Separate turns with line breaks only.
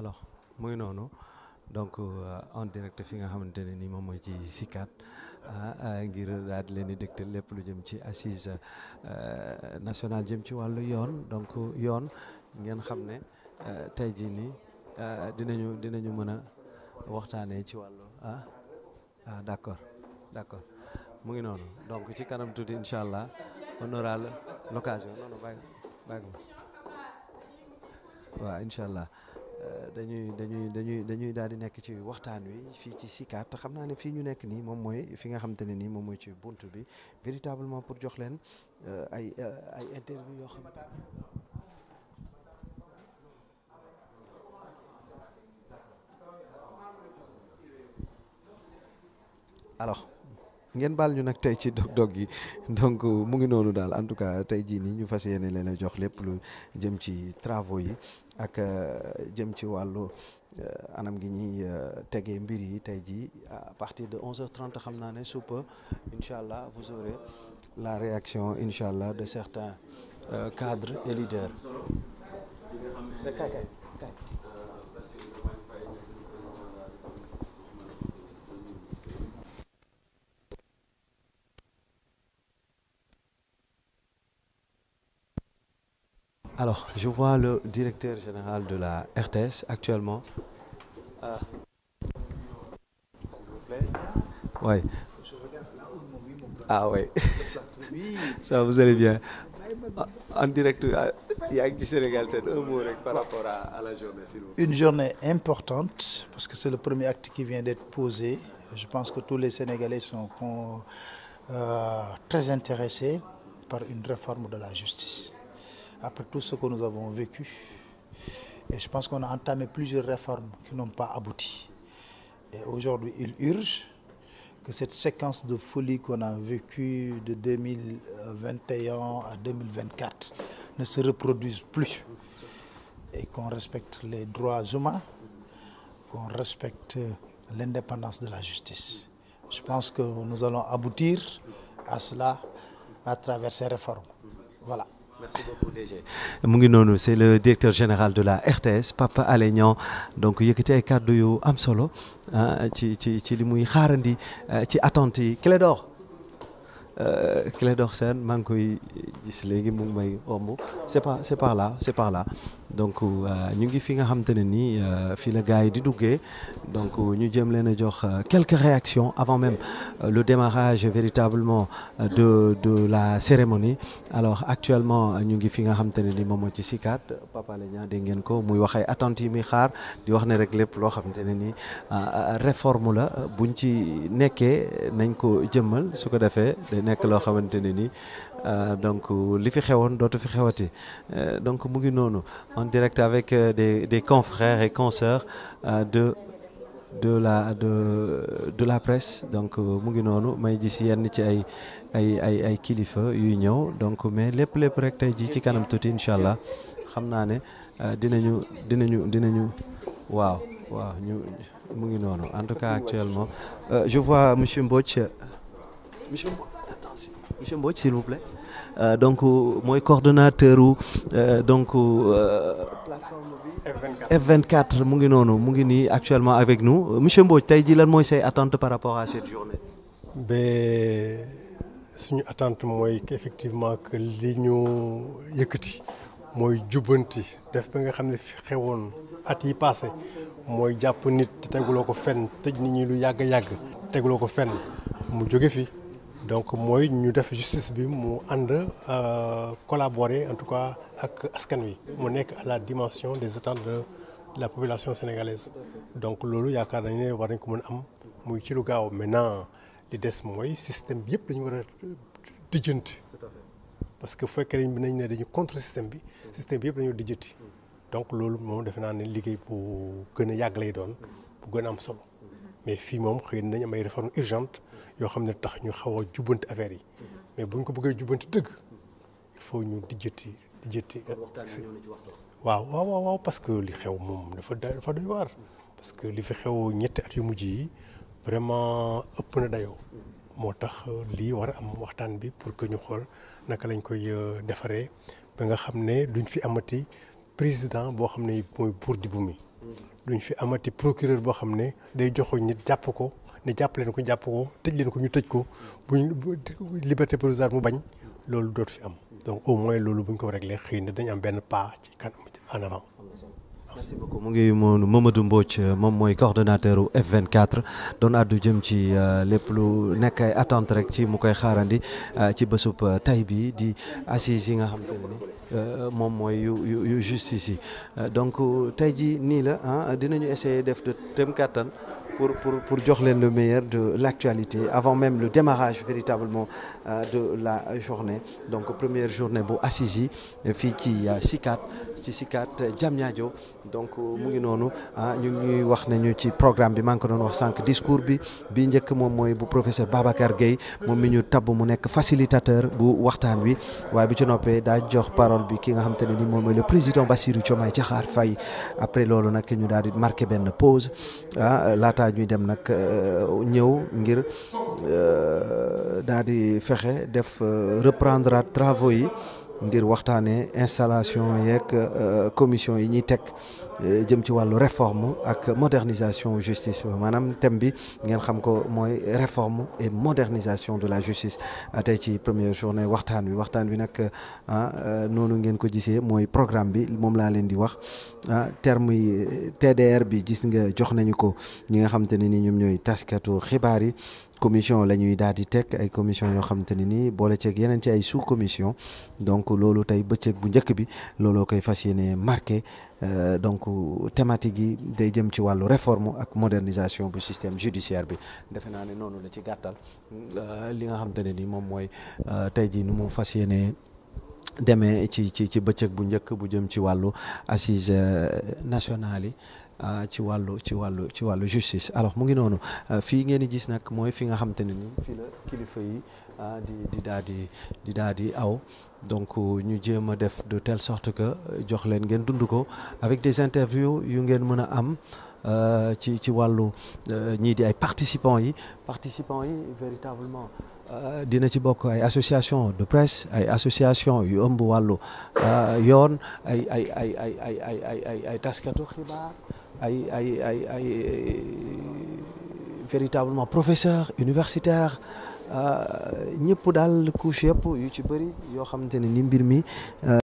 alors mu ngi noonu donc euh, en direct fi nga xamante ne ni moom mooy ci SICAD ah, ah, ngir daal di leen di dégtal lépp lu jëm ci assise euh, nationale jëm ci wàllu yoon donc yoon ngeen xam ne euh, tey jii nii dinañu dinañu mën a waxtaanee ci wàllu ah ah d'accord d'accord mu ngi noonu donc ci kanam tuuti incha allah on aura l'occasion non non bàyyi allah. dañuy dañuy dañuy dañuy daal di nekk ci waxtaan wi fii ci sikat xam naa ne fii ñu nekk nii moom mooy fi nga xam te ne nii moom mooy ci bunt bi véritablement pour jox leen euh, ay euh, ay interview yoo xam. alors. ngeen baal ñu nag tey ci dog-dog yi donc mu ngi noonu daal en tout cas tey jii nii ñu fas yéene leen a jox lépp lu jëm ci travaux yi ak euh, jëm ci wàllu euh, anam gi ñuy euh, tegee mbir yi tey ji à partir de 11 trente xam naa ne suba incha allah vous aurez la réaction incha allah de certains cadres et leaders. alors je vois le directeur général de la RTS actuellement euh, s'il vous ah ouais ça vous allez bien en direct euh, à, à la journée s'il vous une journée
importante parce que c'est le premier acte qui vient d'être posé je pense que tous les Sénégalais sont con, euh, très intéressés par une réforme de la justice après tout ce que nous avons vécu. Et je pense qu'on a entamé plusieurs réformes qui n'ont pas abouti. Et aujourd'hui, il urge que cette séquence de folie qu'on a vécue de 2021 à 2024 ne se reproduise plus et qu'on respecte les droits humains, qu'on respecte l'indépendance de la justice. Je pense que nous allons aboutir à cela à travers ces réformes.
merci mu ngi noonu c'est le directeur général de la RTS Papa Alé Niang donc yëkkati ay kàddu yu am solo ah, ci ci ci li muy xaarandi ah, ci attente yi Clédor euh, Clédor Sène maa ngi koy gis léegi mu ngi may omb c'est pas c'est par là c'est par là donc euh, ñu ngi fi nga xamante ne nii euh, fii la gars yi di duggee donc euh, ñu jëm leen a jox quelque réactions avant même lu démarrage véritablement de de la cérémonie alors actuellement ñu ngi fi nga xamante ne nii moom moo ci Sicap Papa Alenia ngeen ko muy waxe ay attentes muy xaar di wax ne rek lépp loo xamante ne nii réforme la buñ ci nekkee nañ ko jëmmal su ko defee day nekk loo xamante ne nii. Euh, donc li fi xewoon dootu fi xewati euh, donc mu ngi noonu en direct avec euh, des des confrères et consoeurs de de la de de la presse donc mu ngi noonu may gis yenn ci ay ay ay ay kilifa yuy ñëw donc mais lépp lépp rek tey jii ci kanam tuuti incha allah xam naa ne dinañu dinañu dinañu waaw waaw ñu mu ngi noonu en tout cas actuellement je vois monsieur Mbodj monsieur Mbodj monsieur Mbodj s'il vous plaît euh, donc euh, mooy coordonnateur euh, donc plateforme euh, bi f mu ngi noonu mu ngi nii actuellement avec nous euh, monsieur Mbodj tey jii lan mooy say attente par rapport à cette journée.
mais suñu attente mooy effectivement que li ñu yëkkati mooy jubbanti def ba nga xam ne xewoon at yi passé mooy jàpp nit te teguloo ko fenn tëj nit ñi lu yàgg yàgg teguloo ko fen mu jóge fi. donc mooy ñu def justice bi mu ànd collaborer en tout cas ak askan wi mu nekk à la dimension des attentes de la population sénégalaise donc loolu yaakaar nañ ne war nañ ko mën am muy ci lu gaaw maintenant li des mooy système bi yëpp dañu war a dijjanti parce que fekkee nañ bi nañ ne dañu contre système bi système bi yëpp dañoo dijjanti donc loolu moom defe naa ne liggéey bu gën a yàgg lay doon bu gën a am solo mais fii moom xëy na dañu am ay réformes yoo xam ne tax ñu xaw a jubbanti affaire yi mais buñ ko bëggee jubbanti dëgg il faut ñu dijjati dijjati. waaw waaw waaw parce que li xew moom dafa dafa doy waar. parce que li fi xew ñetti at yu mujj yi vraiment ëpp na dayoo. moo tax euh, lii war a am waxtaan bi pour que ñu xool naka lañ koy euh, defaree ba nga xam ne duñ fi amati président boo xam ne mooy buur di bu mi mm-hmm. duñ fi amati procureur boo xam ne day joxo nit jàpp ko ne jàpp leen ko jàpp ko tëj leen ko ñu tëj ko bu buñ liberté provisoire mu bañ loolu dootu fi am donc au moins loolu buñ ko réglé xëy na dañ am benn pas ci kanam en avant
merci mu ngi moonu Mamadou Mbodj moom mooy coordonnateur u F24 doon àddu jëm ci euh, lépp lu nekk ay attente rek ci mu koy xaarandi euh, ci bésub euh, tay bii di assises yi nga xam moom mooy yu yu justice yi donc tey ji nii la dinañu essayer def de tem kàttan pour pour pour jox leen le meilleur de l'actualité avant même lu démarrage véritablement euh, de la journée donc première journée bu assisi fii ci euh, Sicap ci Sicap Diamniadio donc euh, mu ngi noonu ah, ñu ñuy wax nañu ci programme bi maa ngi ko doon wax sànq discours bi bi njëkk moom mooy bu professeur Babacar Gueye moom mi ñu tabb mu nekk facilitateur bu waxtaan wi waaye bi ci noppee daa jox parole bi ki nga xam te ne ni moom mooy le président Bassirou Diomaye Diakhar Faye après loolu nag ñu daal di benn pause ah, laataa ñuy dem nag euh, ñëw ngir euh, daal di fexe def euh, reprendre travaux yi ngir waxtaanee installation yeeg commission yi ñuy tek Euh, jëm ci wàllu réforme ak modernisation justice maanaam thème bi ngeen xam ko mooy réforme et modernisation de la justice euh, tey ci première journée waxtaan wi waxtaan wi nag euh, noonu ngeen ko gisee mooy programme bi moom laa leen di wax terme yi TDR bi gis nga jox nañu ko ñi nga xam te ne ni ñoom ñooy taskatu xibaar yi commission la ñuy daal di teg ay commission yoo xam te ne nii boole ceeg yeneen ci ay sous commission donc loolu tey bëccëg bu njëkk bi looloo koy fas yéene marqué donc thématique yi day jëm ci wàllu réforme ak modernisation bu système judiciaire bi defe naa ne noonu la ci gàttal euh, li nga xamante ne ni moom mooy euh, tey jii nu mu fas yéenee demee ci ci ci bëccëg bu njëkk bu jëm ci wàllu assise euh, nationale yi ci wàllu ci wàllu ci wàllu justice alors mu ngi noonu fii ngeen di gis nag mooy fi nga xamante ne ni fii la kilifa yi di di di di aw donc ñu jéem a def de telle sorte que jox leen ngeen dund ko avec des interviews yu ngeen mën a am ci ci wàllu ñii di ay participants yi participants yi véritablement dina ci bokk ay association de presse ay association yu ëmb wàllu yoon ay ay ay ay ay ay ay ay ay taskatu xibaar ay ay ay ay véritablement professeur universitaire Euh, ñëpp daal couche yëpp yu ci bëri yoo xamante ne ni mbir mi euh,